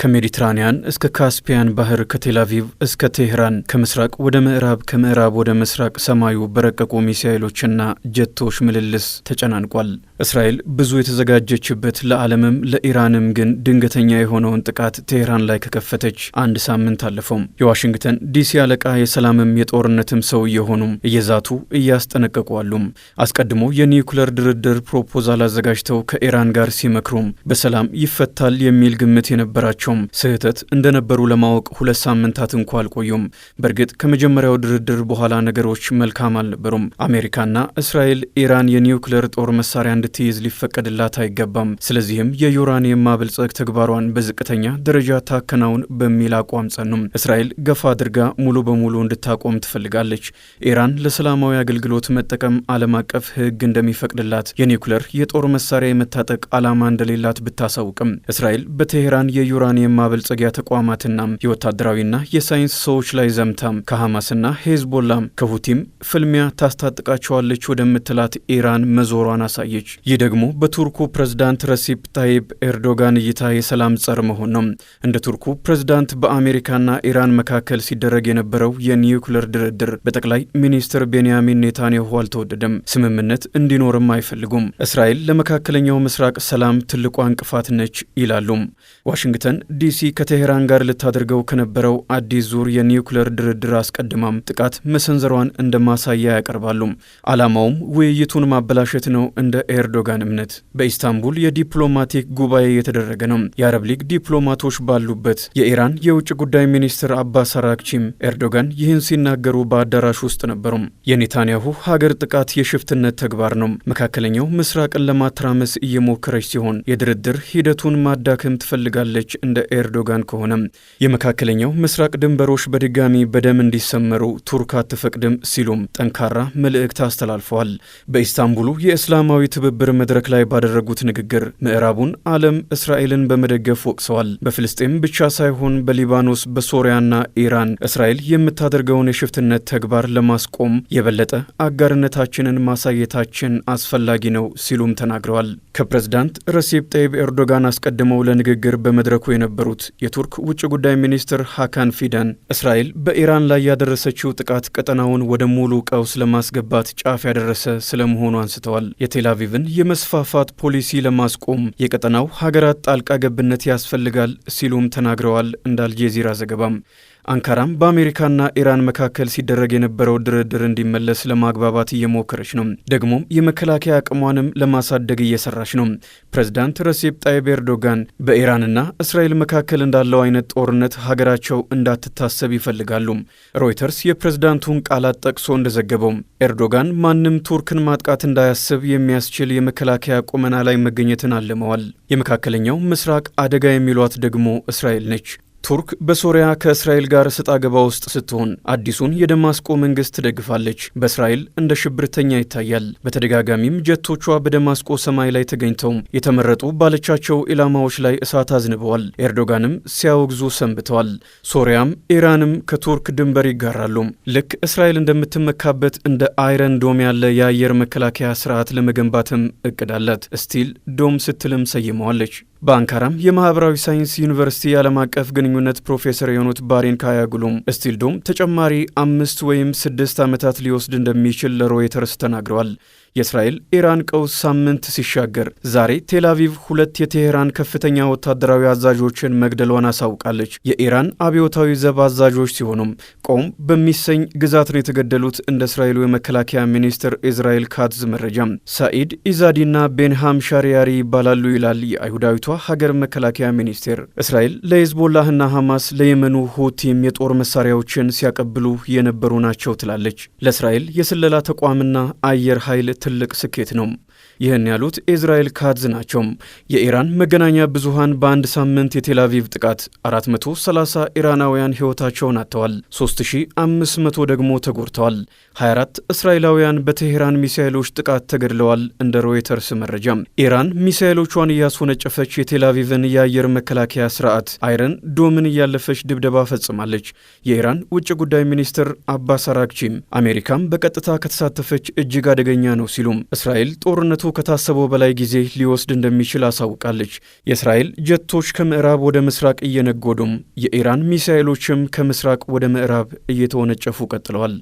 ከሜዲትራንያን እስከ ካስፒያን ባህር ከቴልአቪቭ እስከ ቴህራን ከምስራቅ ወደ ምዕራብ ከምዕራብ ወደ ምስራቅ ሰማዩ በረቀቁ ሚሳይሎችና ጀቶች ምልልስ ተጨናንቋል። እስራኤል ብዙ የተዘጋጀችበት ለዓለምም ለኢራንም ግን ድንገተኛ የሆነውን ጥቃት ቴሄራን ላይ ከከፈተች አንድ ሳምንት አለፈውም። የዋሽንግተን ዲሲ አለቃ የሰላምም የጦርነትም ሰው እየሆኑም እየዛቱ እያስጠነቀቋሉም። አስቀድሞ የኒውክለር ድርድር ፕሮፖዛል አዘጋጅተው ከኢራን ጋር ሲመክሩም በሰላም ይፈታል የሚል ግምት የነበራቸውም ስህተት እንደነበሩ ለማወቅ ሁለት ሳምንታት እንኳ አልቆዩም። በእርግጥ ከመጀመሪያው ድርድር በኋላ ነገሮች መልካም አልነበሩም። አሜሪካና እስራኤል ኢራን የኒውክለር ጦር መሳሪያ እንድትይዝ ሊፈቀድላት አይገባም። ስለዚህም የዩራኒየም ማበልጸግ ተግባሯን በዝቅተኛ ደረጃ ታከናውን በሚል አቋም ጸኑም። እስራኤል ገፋ አድርጋ ሙሉ በሙሉ እንድታቆም ትፈልጋለች። ኢራን ለሰላማዊ አገልግሎት መጠቀም ዓለም አቀፍ ሕግ እንደሚፈቅድላት የኒውክለር የጦር መሳሪያ የመታጠቅ ዓላማ እንደሌላት ብታሳውቅም እስራኤል በቴሄራን የዩራኒየም ማበልጸጊያ ተቋማትና የወታደራዊና የሳይንስ ሰዎች ላይ ዘምታም ከሐማስና ሄዝቦላም ከሁቲም ፍልሚያ ታስታጥቃቸዋለች ወደምትላት ኢራን መዞሯን አሳየች። ይህ ደግሞ በቱርኩ ፕሬዝዳንት ረሲፕ ታይብ ኤርዶጋን እይታ የሰላም ጸር መሆን ነው። እንደ ቱርኩ ፕሬዝዳንት በአሜሪካና ኢራን መካከል ሲደረግ የነበረው የኒውክለር ድርድር በጠቅላይ ሚኒስትር ቤንያሚን ኔታንያሁ አልተወደደም። ስምምነት እንዲኖርም አይፈልጉም። እስራኤል ለመካከለኛው ምስራቅ ሰላም ትልቋ እንቅፋት ነች ይላሉ። ዋሽንግተን ዲሲ ከቴሄራን ጋር ልታደርገው ከነበረው አዲስ ዙር የኒውክለር ድርድር አስቀድማም ጥቃት መሰንዘሯን እንደ ማሳያ ያቀርባሉ። ዓላማውም ውይይቱን ማበላሸት ነው እንደ ኤር የኤርዶጋን እምነት በኢስታንቡል የዲፕሎማቲክ ጉባኤ የተደረገ ነው። የአረብ ሊግ ዲፕሎማቶች ባሉበት የኢራን የውጭ ጉዳይ ሚኒስትር አባስ አራክቺም ኤርዶጋን ይህን ሲናገሩ በአዳራሽ ውስጥ ነበሩም። የኔታንያሁ ሀገር ጥቃት የሽፍትነት ተግባር ነው፣ መካከለኛው ምስራቅን ለማተራመስ እየሞከረች ሲሆን የድርድር ሂደቱን ማዳከም ትፈልጋለች። እንደ ኤርዶጋን ከሆነ የመካከለኛው ምስራቅ ድንበሮች በድጋሚ በደም እንዲሰመሩ ቱርክ አትፈቅድም ሲሉም ጠንካራ መልእክት አስተላልፈዋል። በኢስታንቡሉ የእስላማዊ ትብብ በትብብር መድረክ ላይ ባደረጉት ንግግር ምዕራቡን ዓለም እስራኤልን በመደገፍ ወቅሰዋል። በፍልስጤም ብቻ ሳይሆን በሊባኖስ በሶሪያና ኢራን እስራኤል የምታደርገውን የሽፍትነት ተግባር ለማስቆም የበለጠ አጋርነታችንን ማሳየታችን አስፈላጊ ነው ሲሉም ተናግረዋል። ከፕሬዝዳንት ረሴፕ ጠይብ ኤርዶጋን አስቀድመው ለንግግር በመድረኩ የነበሩት የቱርክ ውጭ ጉዳይ ሚኒስትር ሀካን ፊደን እስራኤል በኢራን ላይ ያደረሰችው ጥቃት ቀጠናውን ወደ ሙሉ ቀውስ ለማስገባት ጫፍ ያደረሰ ስለመሆኑ አንስተዋል። የቴል አቪቭን የመስፋፋት ፖሊሲ ለማስቆም የቀጠናው ሀገራት ጣልቃ ገብነት ያስፈልጋል ሲሉም ተናግረዋል። እንዳልጀዚራ ዘገባም አንካራም በአሜሪካና ኢራን መካከል ሲደረግ የነበረው ድርድር እንዲመለስ ለማግባባት እየሞከረች ነው። ደግሞም የመከላከያ አቅሟንም ለማሳደግ እየሰራች ነው። ፕሬዝዳንት ረሴፕ ጣይብ ኤርዶጋን በኢራንና እስራኤል መካከል እንዳለው አይነት ጦርነት ሀገራቸው እንዳትታሰብ ይፈልጋሉ። ሮይተርስ የፕሬዝዳንቱን ቃላት ጠቅሶ እንደዘገበው ኤርዶጋን ማንም ቱርክን ማጥቃት እንዳያስብ የሚያስችል የመከላከያ ቁመና ላይ መገኘትን አልመዋል። የመካከለኛው ምስራቅ አደጋ የሚሏት ደግሞ እስራኤል ነች። ቱርክ በሶሪያ ከእስራኤል ጋር ሰጣ ገባ ውስጥ ስትሆን አዲሱን የደማስቆ መንግስት ትደግፋለች። በእስራኤል እንደ ሽብርተኛ ይታያል። በተደጋጋሚም ጀቶቿ በደማስቆ ሰማይ ላይ ተገኝተውም የተመረጡ ባለቻቸው ኢላማዎች ላይ እሳት አዝንበዋል። ኤርዶጋንም ሲያወግዙ ሰንብተዋል። ሶሪያም ኢራንም ከቱርክ ድንበር ይጋራሉ። ልክ እስራኤል እንደምትመካበት እንደ አይረን ዶም ያለ የአየር መከላከያ ስርዓት ለመገንባትም እቅድ አላት። ስቲል ዶም ስትልም ሰይመዋለች። በአንካራም የማህበራዊ ሳይንስ ዩኒቨርሲቲ የዓለም አቀፍ ግንኙነት ፕሮፌሰር የሆኑት ባሬን ካያጉሉም ስቲልዶም ተጨማሪ አምስት ወይም ስድስት ዓመታት ሊወስድ እንደሚችል ለሮይተርስ ተናግረዋል። የእስራኤል ኢራን ቀውስ ሳምንት ሲሻገር ዛሬ ቴል አቪቭ ሁለት የቴሄራን ከፍተኛ ወታደራዊ አዛዦችን መግደሏን አሳውቃለች። የኢራን አብዮታዊ ዘብ አዛዦች ሲሆኑም ቆም በሚሰኝ ግዛት ነው የተገደሉት። እንደ እስራኤሉ የመከላከያ ሚኒስትር ኢዝራኤል ካትዝ መረጃም ሳኢድ ኢዛዲና ቤንሃም ሻሪያሪ ይባላሉ ይላል የአይሁዳዊቷ ሀገር መከላከያ ሚኒስቴር። እስራኤል ለሄዝቦላህና ሐማስ ለየመኑ ሁቲም የጦር መሳሪያዎችን ሲያቀብሉ የነበሩ ናቸው ትላለች። ለእስራኤል የስለላ ተቋምና አየር ኃይል ትልቅ ስኬት ነው። ይህን ያሉት ኤዝራኤል ካድዝ ናቸው። የኢራን መገናኛ ብዙሃን በአንድ ሳምንት የቴላቪቭ ጥቃት 430 ኢራናውያን ሕይወታቸውን አጥተዋል፣ 3500 ደግሞ ተጎድተዋል። 24 እስራኤላውያን በቴሄራን ሚሳይሎች ጥቃት ተገድለዋል። እንደ ሮይተርስ መረጃ ኢራን ሚሳይሎቿን እያስወነጨፈች የቴላቪቭን የአየር መከላከያ ስርዓት አይረን ዶምን እያለፈች ድብደባ ፈጽማለች። የኢራን ውጭ ጉዳይ ሚኒስትር አባስ አራግቺም አሜሪካም በቀጥታ ከተሳተፈች እጅግ አደገኛ ነው ነው ሲሉም እስራኤል ጦርነቱ ከታሰበው በላይ ጊዜ ሊወስድ እንደሚችል አሳውቃለች። የእስራኤል ጀቶች ከምዕራብ ወደ ምስራቅ እየነጎዱም፣ የኢራን ሚሳኤሎችም ከምስራቅ ወደ ምዕራብ እየተወነጨፉ ቀጥለዋል።